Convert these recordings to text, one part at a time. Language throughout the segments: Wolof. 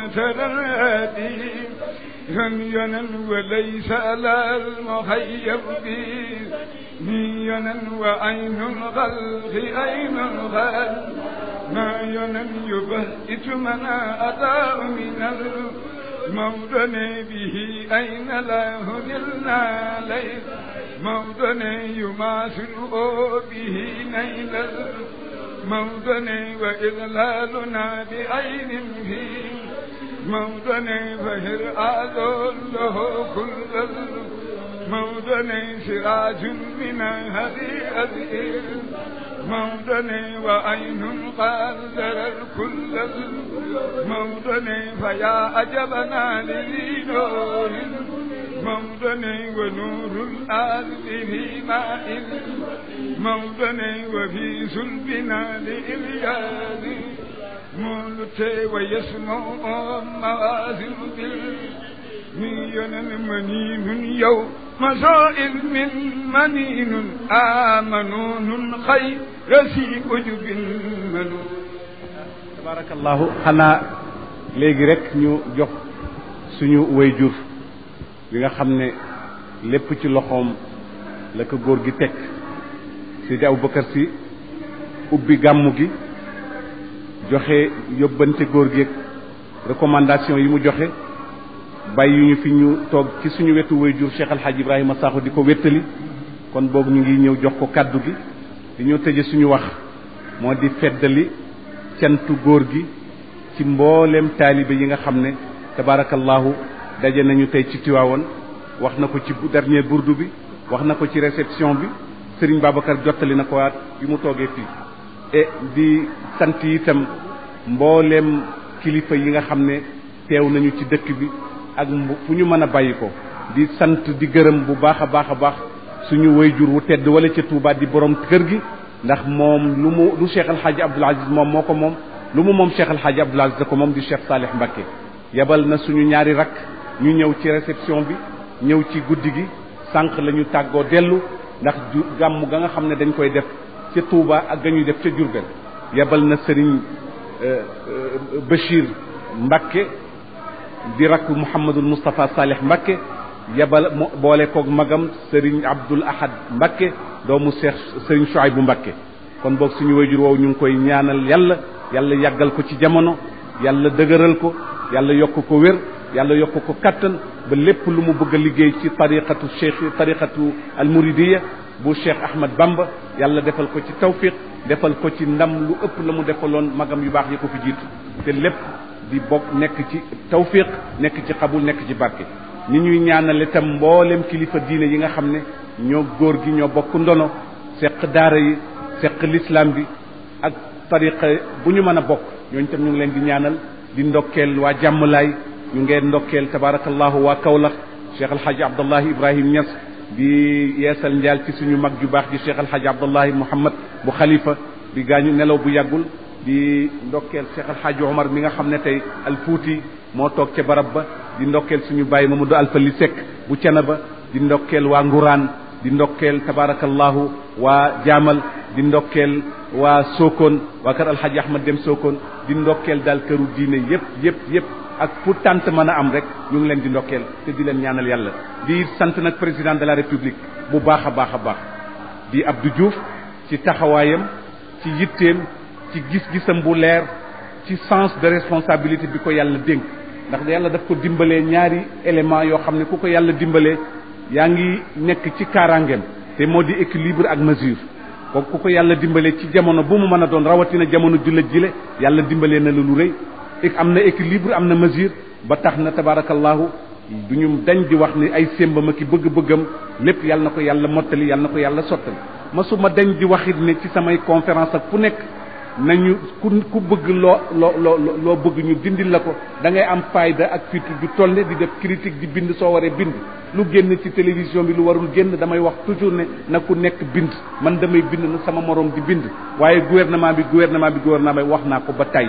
فنادي همينا وليس على المخيب بي مينا وعين الغلق عين الغلق ما ينم يبهت منا أداء من الموضن به أين لا هدلنا ليل موضن يماس به نيل موضن وإذلالنا بعين فيه مودني فهر آذول له كل ذل مودني سراج من هدي أذير مودني وعين قدر الكل مودني فيا أجبنا لذي نور موضني ونور الأرض في ماء موضني وفي سلبنا لإلياد مولتي ويسمع موازن بالمليون منين يوم مسائل من منين آمنون خير رسي أجب منون تبارك الله xanaa léegi rek ñu jox suñu waajur bi nga xam ne lépp ci loxoom la ko góor gi teg Seydi Aboubacar Sy ubbi gàmmu gi joxe yóbbante góor gi recommandation yi mu joxe bàyyi yu ñu fi ñu toog ci suñu wetu way jur Cheikh Alhaji Ibrahima Sakho di ko wéttali kon boog ñu ngi ñëw jox ko kàddu gi di ñëw tëje suñu wax moo di feddali cantu góor gi ci mbooleem taalibe yi nga xam ne tabarakallahu daje nañu tey ci Tiwaawoon wax na ko ci dernier burdu bi wax na ko ci réception bi Serigne Babacar jottali na ko waat bi mu toogee fii. e di sant itam mboolem kilifa yi nga xam ne teew nañu ci dëkk bi ak mbu fu ñu mën a bàyyi ko di sant di gërëm bu baax a baax a baax suñu jur wu tedd wala ca Touba di borom kër gi ndax moom lu mu lu Cheikh El Hadj Aziz moom moo ko moom lu mu moom Cheikh El Hadj Abdoul Aziz ko moom di Cheikh Salih Mbacké yebal na suñu ñaari rak ñu ñëw ci réception bi ñëw ci guddi gi sànq la ñu tàggoo dellu ndax ju gàmm ga nga xam ne dañ koy def ca Touba ak ga ñuy def ca Diourbel yebal na sëriñ آه، آه، بشير مكي برك محمد المصطفى صالح مكي يبل بوليكو مغام سرين عبد الاحد مكي دومو شيخ سرين شعيب مكة كون بوك سيني ويجور واو نيون كوي نيانال يالا يالا ياغال كو سي جامونو يالا دغرال كو يالا يوكو كو وير يالا يوكو كو كاتن با ليپ لومو بوغ ليغي سي طريقه الشيخ طريقه المريديه bu cheikh ahmed bamba yàlla defal ko ci tawfiq defal ko ci ndam lu ëpp la mu defaloon magam yu baax yi ko fi jiitu te lépp di bokk nekk ci tawfiq nekk ci xabul nekk ci barke ni ñuy ñaanale tam mboolem kilifa diine yi nga xam ne ñoo góor gi ñoo bokk ndono seq daara yi seq l'islam bi ak tariqa bu ñu mën a bokk ñooñu tam ñu ngi leen di ñaanal di ndokkeel waa jàmmlaay ñu ngeen ndokkeel tabarakallahu waa kawlax cheikh alhaji abdallahi ibrahim ñas di yeesal njaal ci suñu mag ju baax di cheikh alhaji abdullah muhammad bu khalifa di gañu nelaw bu yàggul di ndokkeel cheikh alhaji omar mi nga xam ne tey alfuuti moo toog ca barab ba di ndokkeel suñu bàyyi mamadou alfa li sek bu cana ba di ndokkeel waa nguraan di ndokkeel tabarakallahu waa jaamal di ndokkeel waa sookoon waa kër alhaji ahmad dem sokone di ndokkeel daal këru diine yépp yépp yépp ak fu tant mën a am rek ñu ngi leen di ndokkeel te di leen ñaanal yàlla di sant nag président de la république bu baax a baax a baax di ab Abdou Diouf ci taxawaayam ci yitteem ci gis-gisam bu leer ci sens de responsabilité bi ko yàlla dénk ndax yàlla daf ko dimbalee ñaari élément yoo xam ne ku ko yàlla dimbalee yaa ngi nekk ci kaaraangeem te moo di équilibre ak mesure kooku ku ko yàlla dimbalee ci jamono bu mu mën a doon rawatina jamono jullit jile yàlla dimbalee na lu rëy amna équilibre amna mesure ba taxna tabarakallah duñu dañ di wax ni ay semba ma ki bëgg-bëggam lépp yàlla nako yàlla motali yàlla nako yàlla sottal ma suma dañ di waxit ni ci samay conférence ak ku nek nañu ku bëgg lo lo lo lo bëgg ñu dindil lako da ngay am fayda ak fitu du tolle di def critique di bind so waré bind lu génn ci télévision bi lu warul génn damay wax toujours ne na ku nek bind man damay bind na sama morom di bind waye gouvernement bi gouvernement bi gouvernement bi wax na ko ba tay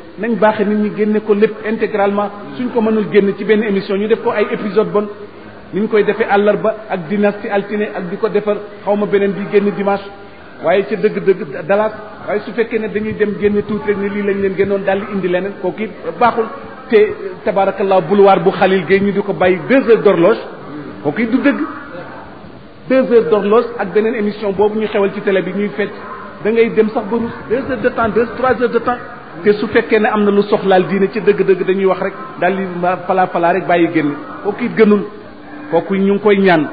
nañ baaxee nit ñi génne ko lépp intégralement suñ ko mënul génn ci benn émission ñu def ko ay épisode bon ni ñu koy defee àllarba ak dynastie altine ak di ko defar xaw ma beneen bi génn dimanche waaye ca dëgg-dëgg dalaas waaye su fekkee ne dañuy dem génne tuuti rek ne lii lañ leen génnoon daal indi leneen kooku it baaxul te tabarakallah boulevard bu Khalil Gueye ñu di ko bàyyi deux heures d'horloge kooku it du dëgg deux heures d'horloge ak beneen émission boobu ñu xewal ci télé bi ñuy fecc da ngay dem sax ba ruus deux heures de temps te su fekkee ne am na lu soxlaal diine ci dëgg-dëgg dañuy wax rek daal di fala fala rek bàyyi génn kooku it gënul kooku ñu ngi koy ñaan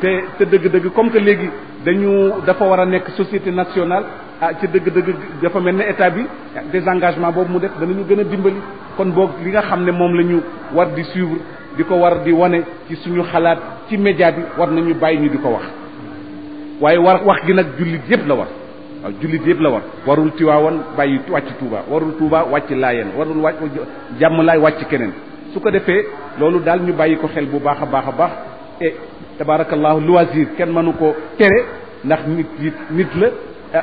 te te dëgg-dëgg comme que léegi dañu dafa war a nekk société nationale ah ci dëgg-dëgg dafa mel ne état bi désengagement boobu mu def danañu gën a dimbali kon boog li nga xam ne moom la ñu war di suivre di ko war di wane ci suñu xalaat ci média bi war nañu bàyyi ñu di ko wax waaye war wax gi nag jullit yépp la war waaw jullit yëpp la war warul tiwaawan bàyyi wàcc Touba warul Touba wàcc laayeen warul wàcc jàmm laay wàcc keneen su ko defee loolu daal ñu bàyyi ko xel bu baax a baax a baax et tabarakallahu loisir kenn mënu ko tere ndax nit it nit la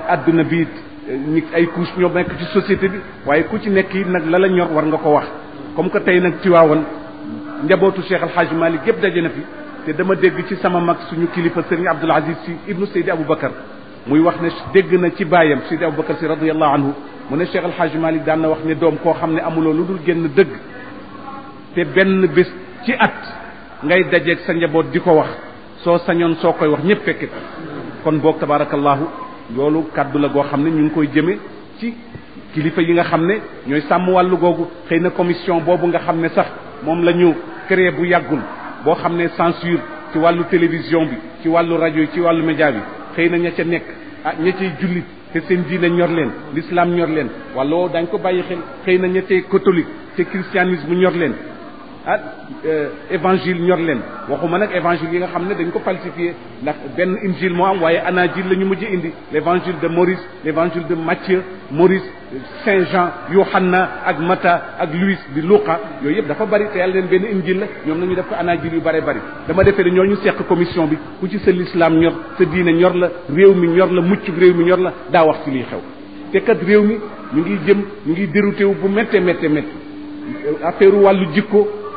adduna bi e, nit ay couche ñoo nekk ci société bi waaye ku ci nekk it nag la la ñor war nga ko wax comme que tey nag tiwaawan njabootu Cheikh Al Hadj Malick yëpp daje na fi te dama dégg ci sama mag suñu kilifa sëriñ a Aziz si ibnu Seydi Aboubacar muy wax ne dégg na ci baayam Sidi Aboubacar si radiyallahu anhu mu ne Cheikh El Hadj Malick daan na wax ne doom koo xam ne amuloo lu dul génn dëgg te benn bés ci at ngay dajeeg sa njaboot di ko wax soo sañoon soo koy wax ñëpp fekk kon boog tabarakallahu loolu kàddu la goo xam ne ñu ngi koy jëme ci kilifa yi nga xam ne ñooy sàmm wàllu googu xëy na commission boobu nga xam ne sax moom la ñu créé bu yàggul boo xam ne censure ci wàllu télévision bi ci wàllu rajo yi ci wàllu média bi xëy na ña ca nekk ah ña cay jullit te seen diine ñor leen l'islam ñor leen wala daañ ko bàyyi xel xëy na ña tey catholique te christianisme ñor leen ah euh, évangile ñor leen waxuma nag évangile yi nga xam ne dañ ko falsifier ndax benn injil moo am waaye anajil la ñu mujj indi l' évangile de Maurice l' évangile de Matthieu Maurice Saint Jean Yohanna ak Mata ak Louis di Luqa yooyu yëpp dafa bari te yàlla leen benn injil la ñoom nañu def ko anajil yu bare bari dama defee ne ñooñu seq commission bi ku ci sa lislaam ñor sa diine ñor la réew mi ñor la mucc réew mi ñor la daa wax ci liy xew te kat réew mi ñu ngi jëm ñu ngi dérouté wu bu métte métte métte affaire wàllu jikko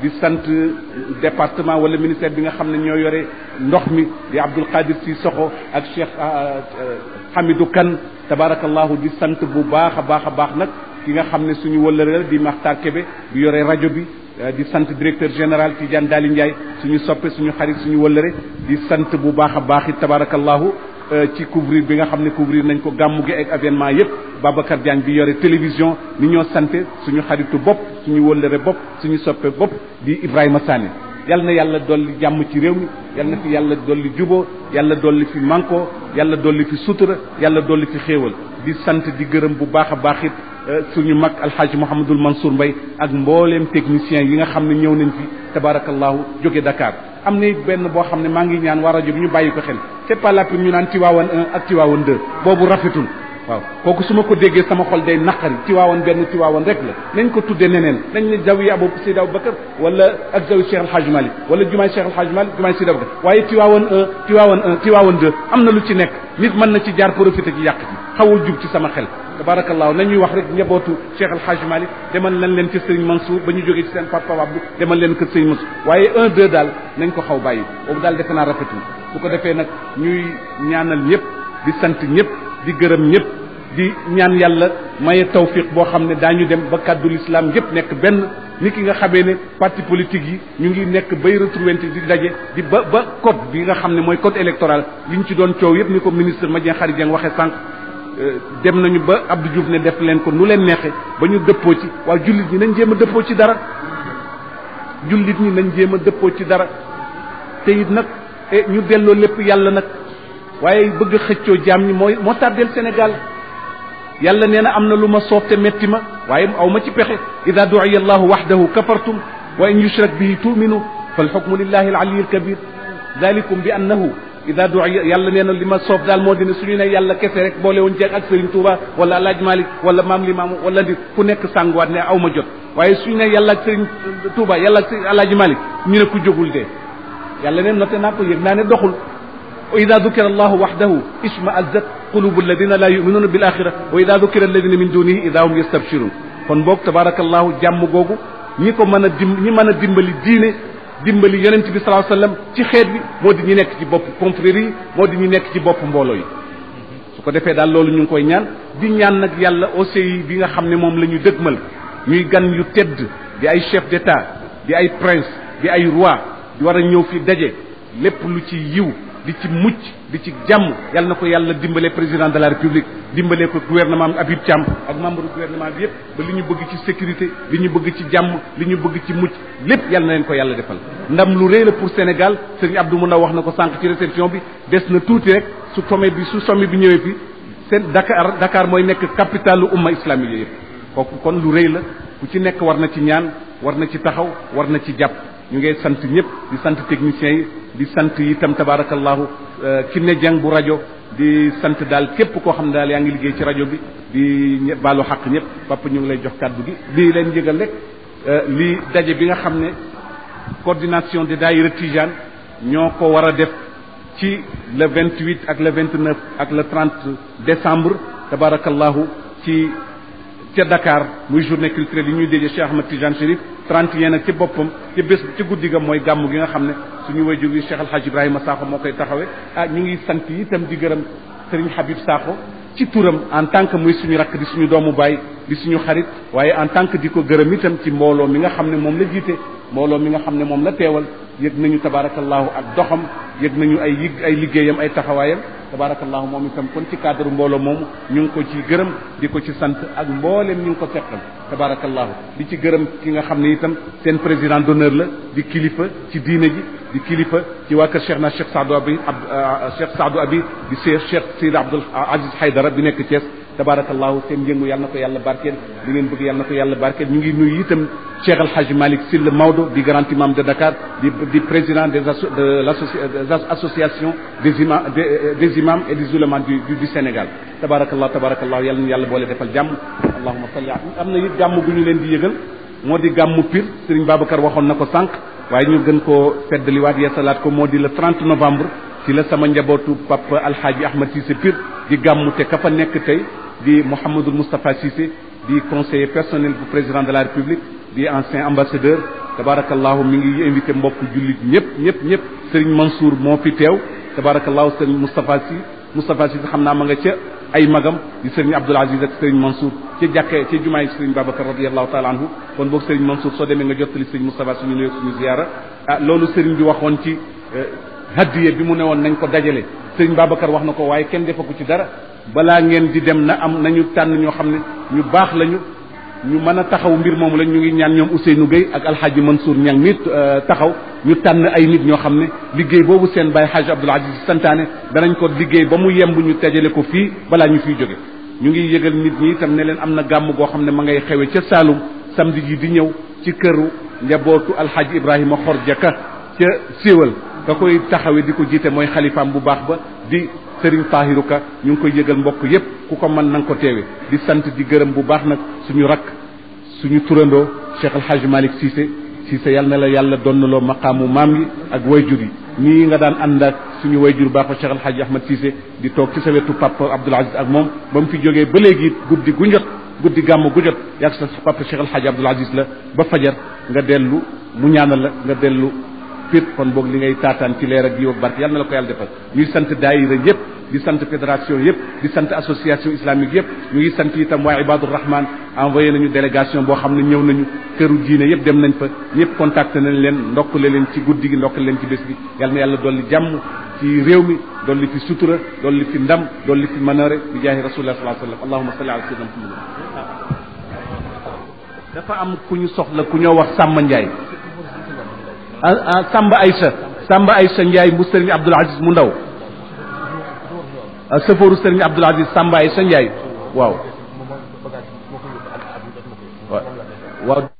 di sant département wala ministère bi nga xamne ne ñoo yore ndox mi di abdul qadir si soxo ak cheikh hamidou kan tabarakallah di sant bu baax a baax nak ki nga xamne ne suñu wëllëre di maktar kebe di yore radio bi di sant directeur général tidiane dali ndjay suñu soppe suñu xarit suñu wëllëre di sant bu baax a baax it ci couvrir bi nga xamne couvrir nañ ko gamu gi ak avènement yépp babacar diagne bi yore télévision ni ñoo sante suñu xaritu bop suñu wëllëre bopp suñu soppe bopp di ibrahima sànni yàlla na yàlla dolli jàmm ci réew mi yal na fi yàlla dolli juboo yàlla dolli fi manko yàlla dolli fi sutura yàlla dolli fi xéewal di sant di gërëm bu baax a baax it suñu mag alxaaji mouhamadul mansour mbay ak mbooleem technicien yi nga xam ne ñëw nañ fi tabarakallahu jóge dakar am na benn boo xam ne maa ngi ñaan waa rajo bi ñu bàyyi ko xel c'est pas la pub ñu naan tiwaawan 1 ak tiwaawan 2 boobu rafetul waaw kooku su ma ko déggee sama xol day naqari tiwaawan benn tiwaawan rek la nañ ko tudde neneen nañ ne zawi abu seyd abu bakar wala ak zawi cheikh alhaj malik wala jumaay cheikh alhaj malik jumaay seyd abu bakar waaye tiwaawan un tiwaawan un tiwaawan deux am na lu ci nekk nit mën na ci jaar profité ci yàq ji xawul jub ci sama xel tabarakallahu nañuy wax rek njabootu cheikh alhaj malik demal nañ leen ci sëriñ mansour ba ñu jógee ci seen papa abdou demal leen kër sëriñ mansour waaye un deux daal nañ ko xaw bàyyi boobu daal defe naa rafetul bu ko defee nag ñuy ñaanal ñëpp di sant ñëpp di gërëm ñëpp di ñaan yàlla maye tawfiq boo xam ne daañu dem ba kàddu lislaam yépp nekk benn ni ki nga xamee ne parti politique yi ñu ngi nekk bay retrouventé di daje di ba ba code bi nga xam ne mooy code électoral li ñu ci doon coow yépp ni ko ministre Madien Khary Dieng waxee sànq euh, dem nañu ba Abdou Diouf ne def leen ko nu leen neexee ba ñu dëppoo ci waaye jullit ñi nañ jéem a dëppoo ci dara jullit ñi nañ jéem a dëppoo ci dara te it nag eh, ñu delloo lépp yàlla nag waaye bëgg xëccoo jaam mooy moo tardeel Sénégal yàlla nee na am na lu ma soob te metti ma waaye aw ma ci pexe ida duiya allahu waxdahu kafartum wa in yushrak bihi tuminu falxukmu lillahi alaliyi alkabir dalikum bi annahu ida duiya yàlla nee na li ma soob daal moo dina suñu ne yàlla kese rek boole woon jeeg ak Serigne Touba wala alaaj Malick wala maam Limaamu wala ndi ku nekk sànguwaat ne aw ma jot waaye suñu ne yàlla ak Serigne Touba yàlla ak alaaj Malick ñu ne ku jógul dee yàlla ne noté naa ko yëg naa ne doxul وإذا ذكر الله وحده اسم أزت قلوب الذين لا يؤمنون بالآخرة وإذا ذكر الذين من دونه إذا هم يستبشرون فنبوك تبارك الله جام غوغو نيكو مانا ديم ني مانا ديمبالي دين ديمبالي يونس بي صلى الله عليه وسلم تي خيت بي مودي ني نيك تي بوب كونفريري مودي ني نيك تي بوب مبولوي سوكو ديفي دال لولو نيو كوي نيان دي نيان نك يالا اوسي بيغا خامني موم لا نيو دگمل نيو غان يو تيد دي اي شيف ديتا دي اي برنس دي اي روا دي ورا نيو في داجي لپ لوتي يو di ci mucc di ci jàmm yàlla na ko yàlla dimbale président de la république dimbale ko gouvernement bi Habib Thiam ak membre gouvernement bi yépp ba li ñu bëgg ci sécurité li ñu bëgg ci jàmm li ñu bëgg ci mucc lépp yàlla na leen ko yàlla defal ndam lu rëy la pour Sénégal sëriñ Abdou Muna wax na ko sànq ci réception bi des na tuuti rek su sommet bi su sommet bi ñëwee fi seen Dakar Dakar mooy nekk capitalu umma islamique yëpp kooku kon lu rëy la ku ci nekk war na ci ñaan war na ci taxaw war na ci jàpp ñu ngay sant ñëpp di sant techniciens yi di sant itam tabarakallahu euh, ki ne jàng bu rajo di sant daal képp koo xam ne daal yaa ngi liggéey ci rajo bi di baalu xaq ñëpp papa ñu ngi lay jox kàddu gi lii leen yëgal rek euh, lii daje bi nga xam ne coordination de daayira Tijaan ñoo ko war a def ci le 28 ak le 29 ak le 30 décembre tabarakallahu ci ca Dakar muy journée culturelle yi ñuy déjee Cheikh Ahmad Tijane Chérif 31 ak ci boppam ci bés ci guddi ga mooy gàmm gi nga xam ne suñu way jógi Cheikh Alhaji Ibrahima Sakho moo koy taxawee ah ñu ngi sant yi itam di gërëm Serigne Habib saako ci turam en tant que muy suñu rakk di suñu doomu baay di suñu xarit waaye en tant que di ko gërëm itam ci mbooloo mi nga xam ne moom la jiite mbooloo mi nga xam ne moom la teewal yëg nañu tabarakallahu ak doxam yëg nañu ay yig ay liggéeyam ay taxawaayam tabarakallahu moom itam kon ci cadre mbooloo moomu ñu ngi ko ci gërëm di ko ci sant ak mbooleem ñu ngi ko fekkal tabarakallahu di ci gërëm ki nga xam ne itam seen président d'honneur la di kilifa ci diine ji di kilifa ci waa kër cheikh na cheikh saadu abi cheikh saadu abi di cheikh cheikh sid abdul aziz haydara bi nekk Thiès تبارك الله سيم جينو يالنا كو يالنا باركين دينين بغي يالنا كو يالنا باركين نيغي نوي يتم شيخ الحاج مالك سيل ماودو دي غرانتي مام دي داكار دي دي بريزيدان دي زاسو دي اسوسياسيون دي زيما دي زيمام اي دي زولمان دي دي سينيغال تبارك الله تبارك الله يالنا يالنا بولي ديفال جام اللهم صل على امنا يي جام بو نيو لين دي ييغال مودي جام بير سيرين بابكر واخون نكو سانك واي نيو گن كو فدلي وات يسالات كو مودي لو 30 نوفمبر ci la sama njabootu papa alhaji ahmad sise pir di gàmmu te ka fa nekk tey di Mouhamadul Moustapha Cissé di conseiller personnel bu président de la république di ancien ambassadeur tabarakallahu mi ngi invité mbokk jullit ñëpp ñëpp ñëpp Serigne Mansour moo fi teew tabarakallahu Serigne Moustapha Cissé Moustapha Cissé xam naa ma nga ca ay magam di Serigne Abdoul Aziz ak Serigne Mansour ca jàkkee ca jumaay Serigne Babacar radiyallahu taala anhu kon boog Serigne Mansour soo demee nga jottali Serigne Moustapha suñu nuyoo suñu ziyaara ah loolu seriñ bi waxoon ci euh, haddiye bi mu ne woon nañ ko dajale Serigne Babacar wax na ko waaye kenn defa ci dara balaa ngeen di dem na am nañu tànn ñoo xam ne ñu baax lañu ñu mën a taxaw mbir moomu la ñu ngi ñaan ñoom Ousseynou Gueye ak alxaaji Mansour Niang mi taxaw ñu tànn ay nit ñoo xam ne liggéey boobu seen bàyyi xaaji Abdoul Aziz santaane danañ ko liggéey ba mu yemb ñu tejale ko fii balaa ñu fiy jóge ñu ngi yëgal nit ñi itam ne leen am na gàmm goo xam ne ma ngay xewe ca Saloum samedi ji di ñëw ci këru njabootu alxaaji Ibrahima Xor Jaka ca Séwal ka koy taxawee di ko jiite mooy xalifaam bu baax ba di Serigne Tahirou Ka ñu ngi koy yëgal mbokk yépp ku ko mën na ko teewe di sant di gërëm bu baax nag suñu rakk suñu turandoo Cheikh El Hadj Malick Cissé Cissé yal na la yàlla loo maqaamu maam yi ak way jur yi nii nga daan ànd ak suñu way wayjur baax ko Cheikh El Hadj Ahmad Cissé di toog ci sa wetu papa Abdoul Aziz ak moom ba mu fi jógee ba léegi guddi gu guddi gàmm gu jot yàgg sa papa Cheikh El Hadj Abdoul Aziz la ba fajar nga dellu mu ñaanal la nga dellu fit kon boog li ngay taataan ci leer ak yiw ak barke yàlla na la ko yàlla defal ñuy sant daayira di sant fédération yëpp di sant association islamique yëpp ñu ngi sant itam waa Ibadur Rahman envoyé nañu délégation boo xam ne ñëw nañu këru diine yëpp dem nañ fa ñëpp contacté nañ leen ndokkale leen ci guddi gi ndokkale leen ci bés bi yal na yàlla dolli jàmm ci réew mi dolli fi sutura dolli fi ndam dolli fi manoore bi jaahi rasulullah sallallahu alayhi wasallam allahumma salli ala sayyidina muhammad dafa am ku ñu soxla ku ñoo wax Samba Ndiaye ah ah Samba Aïcha Samba Aïcha Ndiaye mu Serigne Abdoul Aziz mu ndaw sëfooru sëriñ Abdoul Aziz Samba ay sa Ndiaye waaw waaw